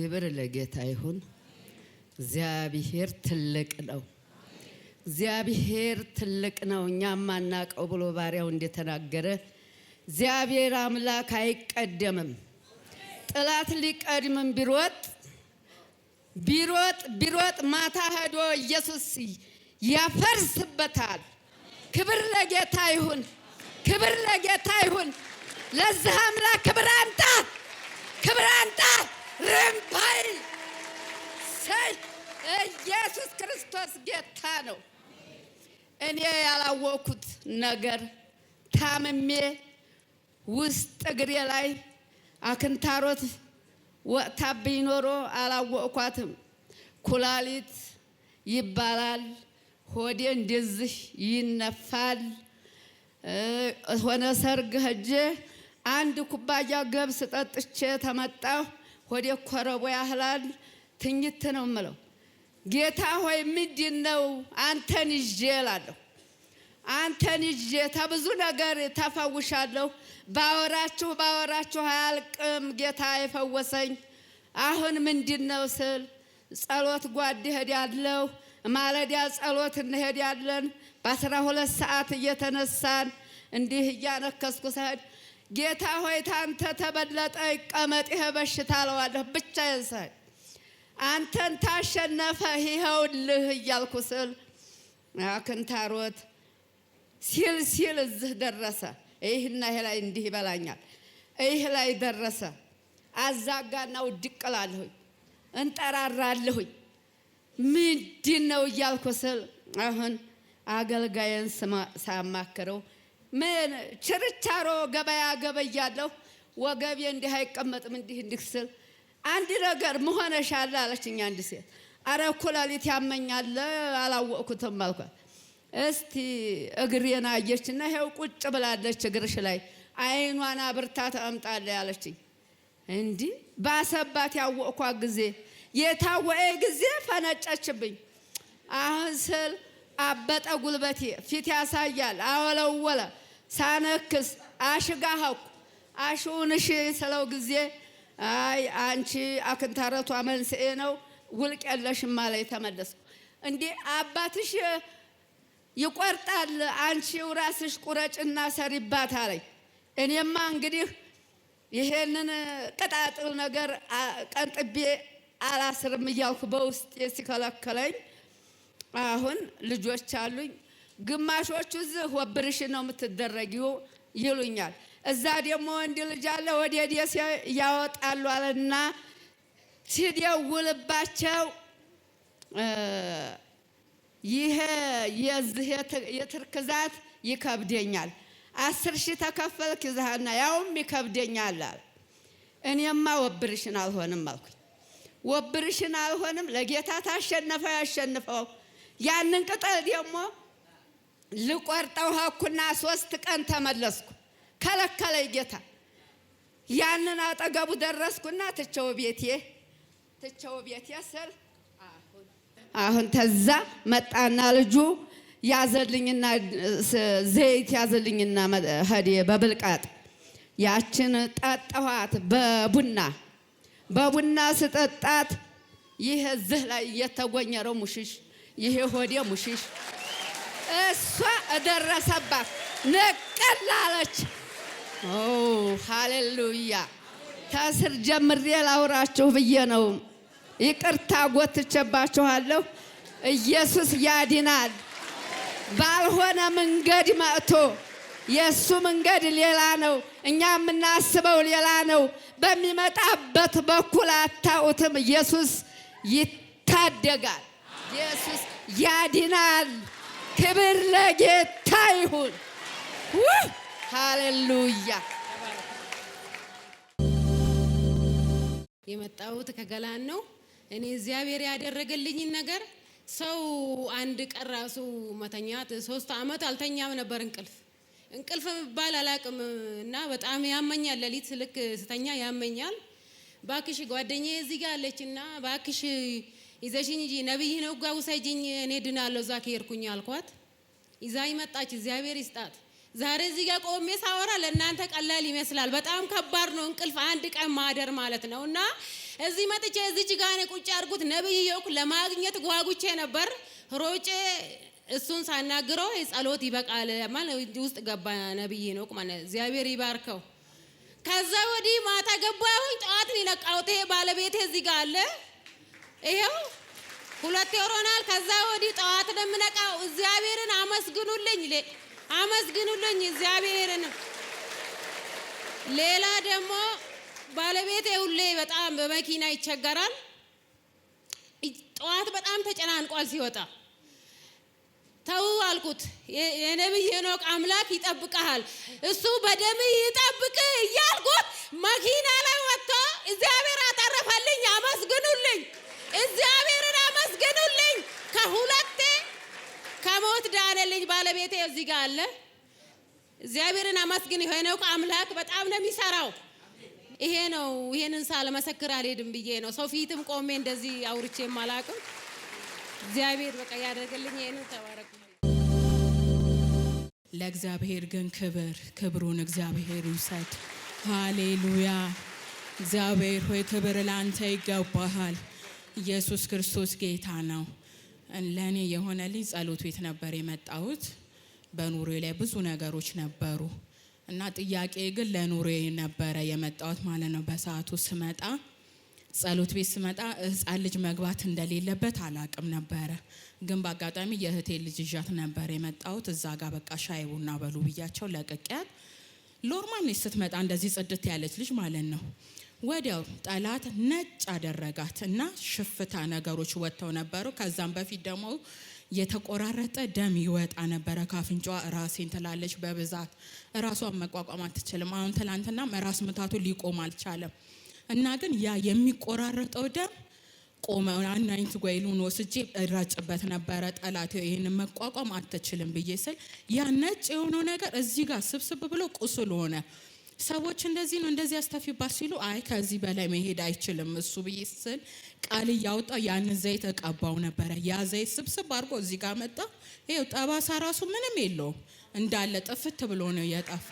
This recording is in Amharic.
ክብር ለጌታ ይሁን። እግዚአብሔር ትልቅ ነው። እግዚአብሔር ትልቅ ነው። እኛም ማናቀው ብሎ ባሪያው እንደተናገረ እግዚአብሔር አምላክ አይቀደምም። ጠላት ሊቀድምም ቢሮጥ ቢሮጥ ቢሮጥ ማታ ሄዶ ኢየሱስ ያፈርስበታል። ክብር ለጌታ ይሁን። ክብር ለጌታ ይሁን። ለዚህ አምላክ ክብር አንጣ ኢየሱስ ክርስቶስ ጌታ ነው። እኔ ያላወቅኩት ነገር ታምሜ ውስጥ እግሬ ላይ አክንታሮት ወቅታብኝ ኖሮ አላወቅኳትም። ኩላሊት ይባላል። ሆዴ እንደዚህ ይነፋል። ሆነ ሰርግ ሄጄ አንድ ኩባያ ገብስ ጠጥቼ ተመጣሁ። ሆዴ ኮረቦ ያህላል። ትኝት ነው የምለው። ጌታ ሆይ ምንድን ነው አንተን ይዤ እላለሁ። አንተን ይዤ ተብዙ ነገር ተፈውሻለሁ። ባወራችሁ ባወራችሁ አያልቅም ጌታ የፈወሰኝ። አሁን ምንድን ነው ስል ጸሎት ጓድ ያለው ማለዳ ጸሎት እንሄድ ያለን በአስራ ሁለት ሰዓት እየተነሳን እንዲህ እያነከስኩ ሰድ ጌታ ሆይ ታንተ ተበለጠ ይቀመጥ ይሄ በሽታ እለዋለሁ ብቻ ስሄድ አንተን ታሸነፈህ ይኸውልህ እያልኩ ስል አክንታሮት ሲል ሲል እዚህ ደረሰ። ይህና ይሄ ላይ እንዲህ ይበላኛል። ይህ ላይ ደረሰ። አዛጋና ውድቅ እላለሁኝ፣ እንጠራራለሁኝ። ምንድን ነው እያልኩ ስል አሁን አገልጋይን ሳማክረው ምን ችርቻሮ ገበያ ገበያለሁ ወገቤ እንዲህ አይቀመጥም እንዲህ እንዲህ ስል አንድ ነገር አለ አለችኝ አንድ ሴት። አረ ኮላሊት ያመኛል አላወቅኩትም አልኳት። እስቲ እግሬን አየችና ይኸው ቁጭ ብላለች እግርሽ ላይ አይኗን አብርታ ተቀምጣለ ያለች። እንዲህ ባሰባት ያወቅኳ ጊዜ የታወቀ ጊዜ ፈነጨችብኝ። አሁን ስል አበጠ ጉልበቴ፣ ፊት ያሳያል፣ አወለወለ ሳነክስ አሽጋኸኩ አሽውን ስለው ጊዜ አይ አንቺ አክንታረቷ መንስኤ ነው ውልቅ የለሽም ማለ የተመለስኩ እንዴ አባትሽ ይቆርጣል አንቺው ራስሽ ቁረጭና ሰሪባት አለኝ። እኔማ እንግዲህ ይሄንን ቅጣጥል ነገር ቀንጥቤ አላስርም እያልኩ በውስጥ ሲከለከለኝ፣ አሁን ልጆች አሉኝ። ግማሾቹ እዚህ ወብርሽ ነው የምትደረጊው ይሉኛል። እዛ ደግሞ ወንድ ልጅ አለ ወደ ደሴ ያወጣሉ አለና ሲደውልባቸው ይሄ የዚህ የትርክዛት ይከብደኛል፣ አስር ሺህ ተከፈልክ ይዛህና ያውም ይከብደኛል አለ። እኔማ ወብርሽን አልሆንም አልኩኝ። ወብርሽን አልሆንም ለጌታ ታሸነፈው ያሸንፈው ያንን ቅጠል ደግሞ ልቆርጠው ሀኩና ሶስት ቀን ተመለስኩ። ከለከለኝ ጌታ። ያንን አጠገቡ ደረስኩና ትቸው ቤቴ ትቸው ቤቴ ስል አሁን ተዛ መጣና ልጁ ያዘልኝና ዘይት ያዘልኝና ሄዴ በብልቃጥ ያችን ጠጣኋት። በቡና በቡና ስጠጣት ይህ ዝህ ላይ እየተጎኘረው ሙሽሽ ይሄ ሆዴ ሙሽሽ እሷ እደረሰባት ንቅል አለች። ሃሌሉያ ተስር ጀምሬ ላውራችሁ ብዬ ነው። ይቅርታ ጎትቼባችኋለሁ። ኢየሱስ ያድናል። ባልሆነ መንገድ መጥቶ የእሱ መንገድ ሌላ ነው። እኛ የምናስበው ሌላ ነው። በሚመጣበት በኩል አታውትም። ኢየሱስ ይታደጋል። ኢየሱስ ያድናል። ክብር ለጌታ ይሁን። ሃሌሉያ። የመጣሁት ከገላን ነው። እኔ እግዚአብሔር ያደረገልኝን ነገር ሰው አንድ ቀን ራሱ መተኛት ሶስት አመት አልተኛም ነበር እንቅልፍ እንቅልፍ የሚባል አላቅም እና በጣም ያመኛል። ሌሊት ልክ ስተኛ ያመኛል። ባክሽ ጓደኛዬ እዚህ ጋር አለች እና ባክሽ ይዘሽኝ እንጂ ነብይህ ነው ጋ ውሰጂኝ፣ እኔ ድናለሁ እዛ ከሄድኩኝ አልኳት። ይዛኝ መጣች። እግዚአብሔር ይስጣት። ዛሬ እዚህ ጋር ቆሜ ሳወራ ለእናንተ ቀላል ይመስላል፣ በጣም ከባድ ነው። እንቅልፍ አንድ ቀን ማደር ማለት ነው። እና እዚህ መጥቼ እዚች ጋ ቁጭ አድርጉት ነብይ የውቅ ለማግኘት ጓጉቼ ነበር ሮጬ እሱን ሳናግረው ጸሎት ይበቃል ማለት ውስጥ ገባ ነብይ ሄኖክ ማለት እግዚአብሔር ይባርከው። ከዛ ወዲህ ማታ ገባሁኝ ጠዋትን ይነቃውቴ ባለቤቴ እዚህ ጋር አለ ይሄው ሁለት ወር ሆኗል። ከዛ ወዲህ ጠዋት ለምነቃው እግዚአብሔርን አመስግኑልኝ አመስግኑልኝ እግዚአብሔርን። ሌላ ደግሞ ባለቤቴ ሁሌ በጣም በመኪና ይቸገራል። ጠዋት በጣም ተጨናንቋል ሲወጣ ተው አልኩት። የነቢይ ሄኖክ አምላክ ይጠብቀሃል፣ እሱ በደም ይጠብቅህ እያልኩት መኪና ላይ ወጥቶ እግዚአብሔር አተረፈልኝ። አመስግኑልኝ። እግዚአብሔርን አመስግኑልኝ። ከሁለቴ ከሞት ዳነልኝ። ባለቤቴ እዚህ ጋር አለ። እግዚአብሔርን አመስግን። የሆነው አምላክ በጣም ነው የሚሰራው። ይሄ ነው። ይሄንን ሳልመሰክር አልሄድም ብዬ ነው ሰው ፊትም ቆሜ እንደዚህ አውርቼ አላውቅም። እግዚአብሔር በቃ ያደርግልኝ። ይሄንን ተባረክ። ለእግዚአብሔር ግን ክብር ክብሩን እግዚአብሔር ይውሰድ። ሃሌሉያ። እግዚአብሔር ሆይ ክብር ላንተ ይገባሃል። ኢየሱስ ክርስቶስ ጌታ ነው። ለእኔ የሆነልኝ ጸሎት ቤት ነበር የመጣሁት። በኑሬ ላይ ብዙ ነገሮች ነበሩ እና ጥያቄ ግን ለኑሬ ነበረ የመጣሁት ማለት ነው። በሰዓቱ ስመጣ ጸሎት ቤት ስመጣ ሕፃን ልጅ መግባት እንደሌለበት አላቅም ነበረ። ግን በአጋጣሚ የእህቴ ልጅ ይዣት ነበር የመጣሁት። እዛ ጋር በቃ ሻይ ቡና በሉ ብያቸው ለቅቄያት ሎርማን ስትመጣ እንደዚህ ጽድት ያለች ልጅ ማለት ነው ወዲያው ጠላት ነጭ አደረጋት እና ሽፍታ ነገሮች ወጥተው ነበሩ። ከዛም በፊት ደግሞ የተቆራረጠ ደም ይወጣ ነበረ ካፍንጫዋ። ራሴን ትላለች በብዛት ራሷን መቋቋም አትችልም። አሁን ትላንትና ራስ ምታቱ ሊቆም አልቻለም እና ግን ያ የሚቆራረጠው ደም ቆመ። አናይንት ጓይሉን ወስጄ እራጭበት ነበረ። ጠላት ይህን መቋቋም አትችልም ብዬ ስል ያ ነጭ የሆነው ነገር እዚህ ጋር ስብስብ ብሎ ቁስል ሆነ። ሰዎች እንደዚህ ነው እንደዚህ ያስተፊባት ሲሉ አይ ከዚህ በላይ መሄድ አይችልም እሱ ብዬ ስል ቃል እያወጣ ያንን ዘይት እቀባው ነበረ። ያ ዘይት ስብስብ አድርጎ እዚህ ጋር መጣ። ይኸው ጠባሳ ራሱ ምንም የለውም እንዳለ ጥፍት ብሎ ነው የጠፋ።